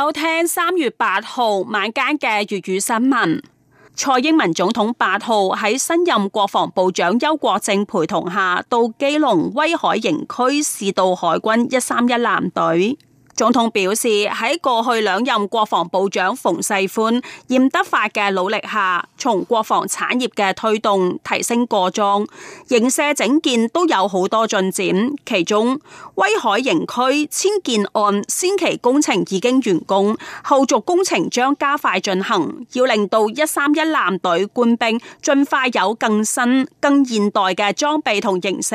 收聽三月八號晚間嘅粵語新聞，蔡英文總統八號喺新任國防部長邱國正陪同下，到基隆威海營區視導海軍一三一艦隊。總統表示,喺過去兩任國防部長馮世寬,嚴德發嘅努力下,從國防產業嘅推動提升過裝,營舍整建都有好多進展。其中,威海營區遷建案先期工程已經完工,後續工程將加快進行,要令到一三一艦隊官兵盡快有更新,更現代嘅裝備同營舍,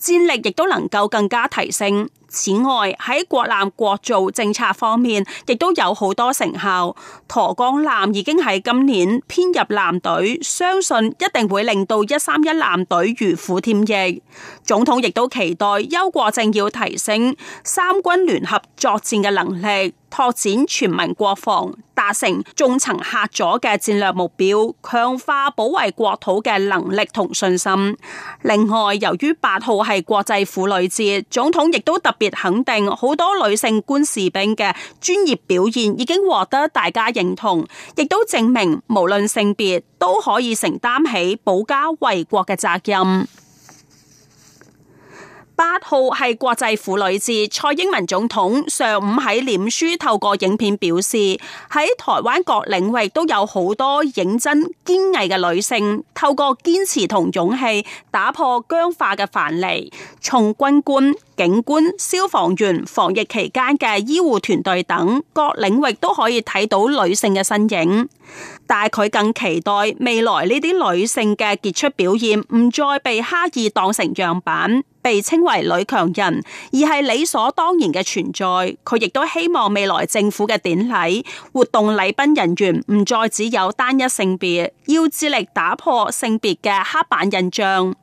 戰力亦都能夠更加提升。.此外，喺國艦國造政策方面，亦都有好多成效。沱江艦已經喺今年編入艦隊，相信一定會令到一三一艦隊如虎添翼。總統亦都期待優國政要提升三軍聯合作戰嘅能力。拓展全民國防，達成重層嚇阻嘅戰略目標，強化保衛國土嘅能力同信心。另外，由於八號係國際婦女節，總統亦都特別肯定好多女性官士兵嘅專業表現，已經獲得大家認同，亦都證明無論性別都可以承擔起保家衛國嘅責任。八號係國際婦女節，蔡英文總統上午喺臉書透過影片表示，喺台灣各領域都有好多認真堅毅嘅女性，透過堅持同勇氣打破僵化嘅樊籬。從軍官、警官、消防員、防疫期間嘅醫護團隊等各領域都可以睇到女性嘅身影。但係佢更期待未來呢啲女性嘅傑出表現唔再被刻意當成樣板，被稱為女強人，而係理所當然嘅存在。佢亦都希望未來政府嘅典禮活動禮賓人員唔再只有單一性別，要致力打破性別嘅刻板印象。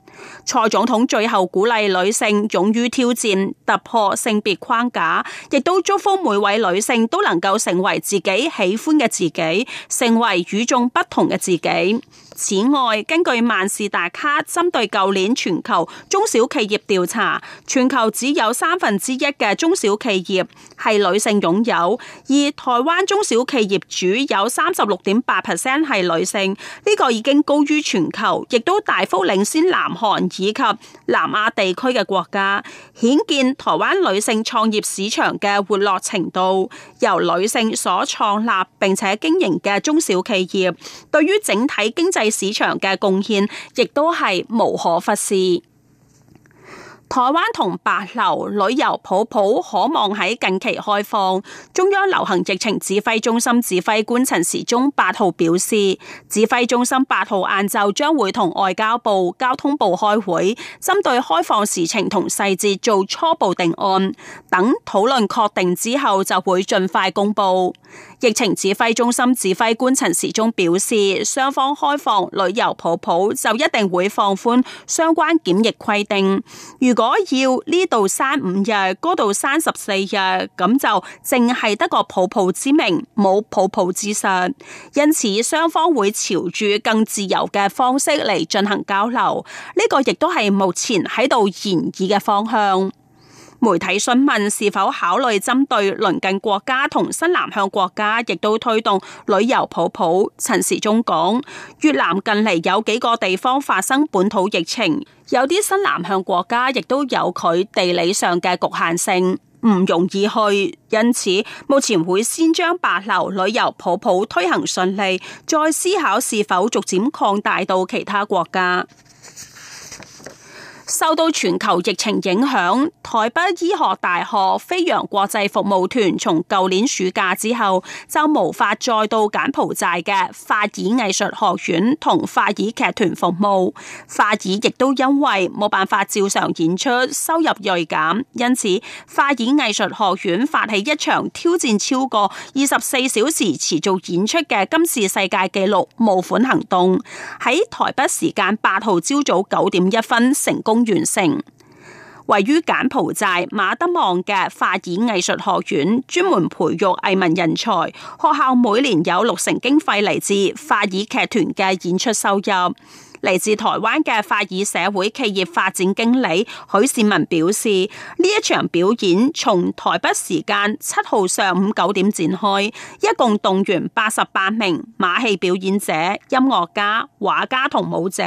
蔡總統最後鼓勵女性勇於挑戰，突破性別框架，亦都祝福每位女性都能夠成為自己喜歡嘅自己，成為與眾不同嘅自己。此外，根據萬事達卡針對舊年全球中小企業調查，全球只有三分之一嘅中小企業係女性擁有，而台灣中小企業主有三十六點八 percent 係女性，呢個已經高於全球，亦都大幅領先南韓以及南亞地區嘅國家，顯見台灣女性創業市場嘅活絡程度。由女性所創立並且經營嘅中小企業，對於整體經濟。市場嘅貢獻亦都係無可忽視。台灣同帛琉旅遊泡泡可望喺近期開放。中央流行疫情指揮中心指揮官陳時中八號表示，指揮中心八號晏晝將會同外交部、交通部開會，針對開放時程同細節做初步定案。等討論確定之後，就會盡快公布。疫情指揮中心指揮官陳時中表示，雙方開放旅遊泡泡就一定會放寬相關檢疫規定。如果要呢度三五日，嗰度三十四日，咁就淨係得個泡泡之名，冇泡泡之實。因此雙方會朝住更自由嘅方式嚟進行交流，呢、這個亦都係目前喺度研議嘅方向。媒體詢問是否考慮針對鄰近國家同新南向國家，亦都推動旅遊泡泡。陳時中講：越南近嚟有幾個地方發生本土疫情，有啲新南向國家亦都有佢地理上嘅局限性，唔容易去。因此，目前會先將帛琉旅遊泡泡推行順利，再思考是否逐漸擴大到其他國家。受到全球疫情影響，台北醫學大學飛揚國際服務團從舊年暑假之後就無法再到柬埔寨嘅法爾藝術學院同法爾劇團服務，法爾亦都因為冇辦法照常演出，收入銳減，因此法爾藝術學院發起一場挑戰超過二十四小時持續演出嘅金氏世界紀錄募款行動，喺台北時間八號朝早九點一分成功完成，位於柬埔寨馬德望嘅法爾藝術學院，專門培育藝文人才。學校每年有六成經費嚟自法爾劇團嘅演出收入。嚟自台灣嘅法爾社會企業發展經理許善文表示，呢一場表演從台北時間七號上午九點展開，一共動員八十八名馬戲表演者、音樂家、畫家同舞者，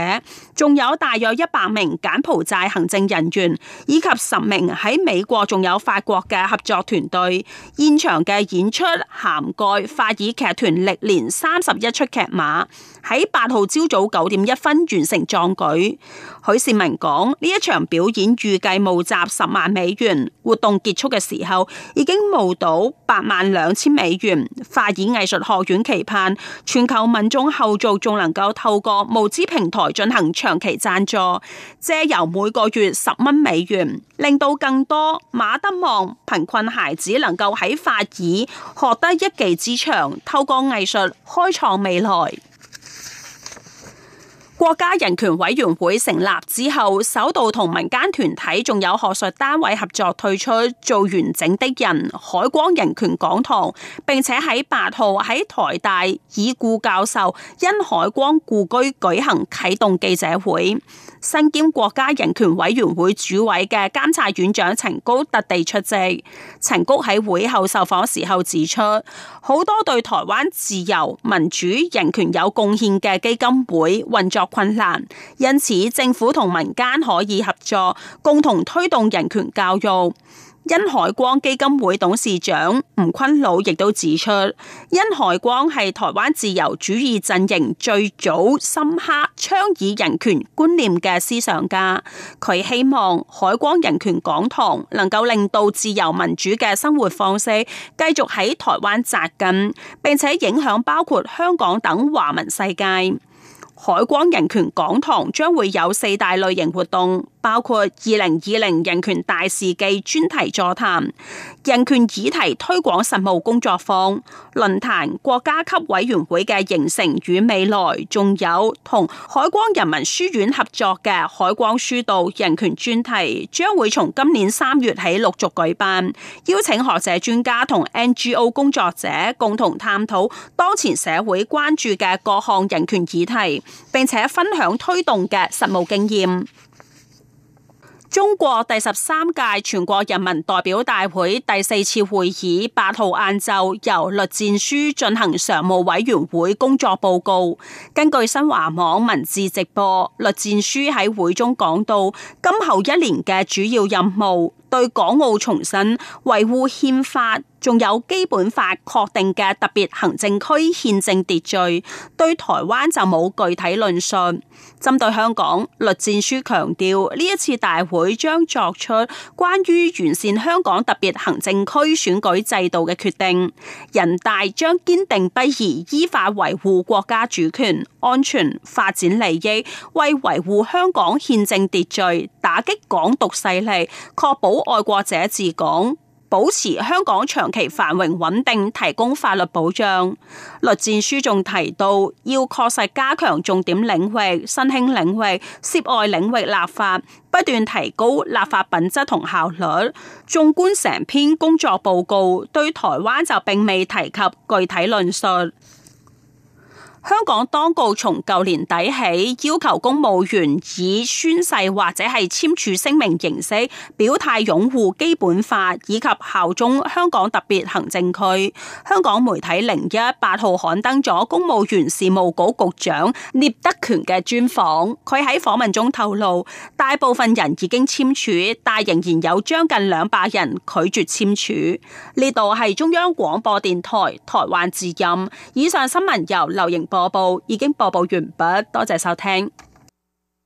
仲有大約一百名柬埔寨行政人員，以及十名喺美國仲有法國嘅合作團隊。現場嘅演出涵蓋法爾劇團歷年三十一出劇碼。喺八號朝早九點一分完成壯舉，許善文講：呢一場表演預計募集十萬美元，活動結束嘅時候已經募到八萬兩千美元。法爾藝術學院期盼全球民眾後續，仲能夠透過募資平台進行長期贊助，借由每個月十蚊美元，令到更多馬德望貧困孩子能夠喺法爾學得一技之長，透過藝術開創未來。國家人權委員會成立之後，首度同民間團體仲有學術單位合作推出做完整的人海光人權講堂，並且喺八號喺台大已故教授殷海光故居舉行啟動記者會。身兼國家人權委員會主委嘅監察院長陳菊特地出席。陳菊喺會後受訪時候指出，好多對台灣自由、民主、人權有貢獻嘅基金會運作困難，因此政府同民間可以合作，共同推動人權教育。殷海光基金會董事長吳坤魯亦都指出，殷海光係台灣自由主義陣營最早深刻倡議人權觀念嘅思想家。佢希望海光人權講堂能夠令到自由民主嘅生活方式繼續喺台灣紮根，並且影響包括香港等華文世界。海光人權講堂將會有四大類型活動。包括二零二零人權大事記專題座談、人權議題推廣實務工作坊、論壇國家級委員會嘅形成與未來，仲有同海光人民書院合作嘅海光書道人權專題，將會從今年三月起陸續舉辦，邀請學者專家同 NGO 工作者共同探討當前社會關注嘅各項人權議題，並且分享推動嘅實務經驗。中國第十三屆全國人民代表大會第四次會議八號晏晝由栗戰書進行常務委員會工作報告。根據新華網文字直播，栗戰書喺會中講到今後一年嘅主要任務。對港澳重申維護憲法，仲有基本法確定嘅特別行政區憲政秩序；對台灣就冇具體論述。針對香港，栗戰書強調呢一次大會將作出關於完善香港特別行政區選舉制度嘅決定，人大將堅定不移依法維護國家主權。安全發展利益，為維護香港憲政秩序、打擊港獨勢力、確保愛國者治港、保持香港長期繁榮穩定提供法律保障。栗戰書仲提到，要確實加強重點領域、新興領域、涉外領域立法，不斷提高立法品質同效率。縱觀成篇工作報告，對台灣就並未提及具體論述。香港當局從舊年底起要求公務員以宣誓或者係簽署聲明形式表態擁護基本法以及效忠香港特別行政區。香港媒體零一八號刊登咗公務員事務局局長聶德權嘅專訪，佢喺訪問中透露，大部分人已經簽署，但仍然有將近兩百人拒絕簽署。呢度係中央廣播電台台灣之音。以上新聞由劉瑩報道。播報已經播報完畢，多謝收聽。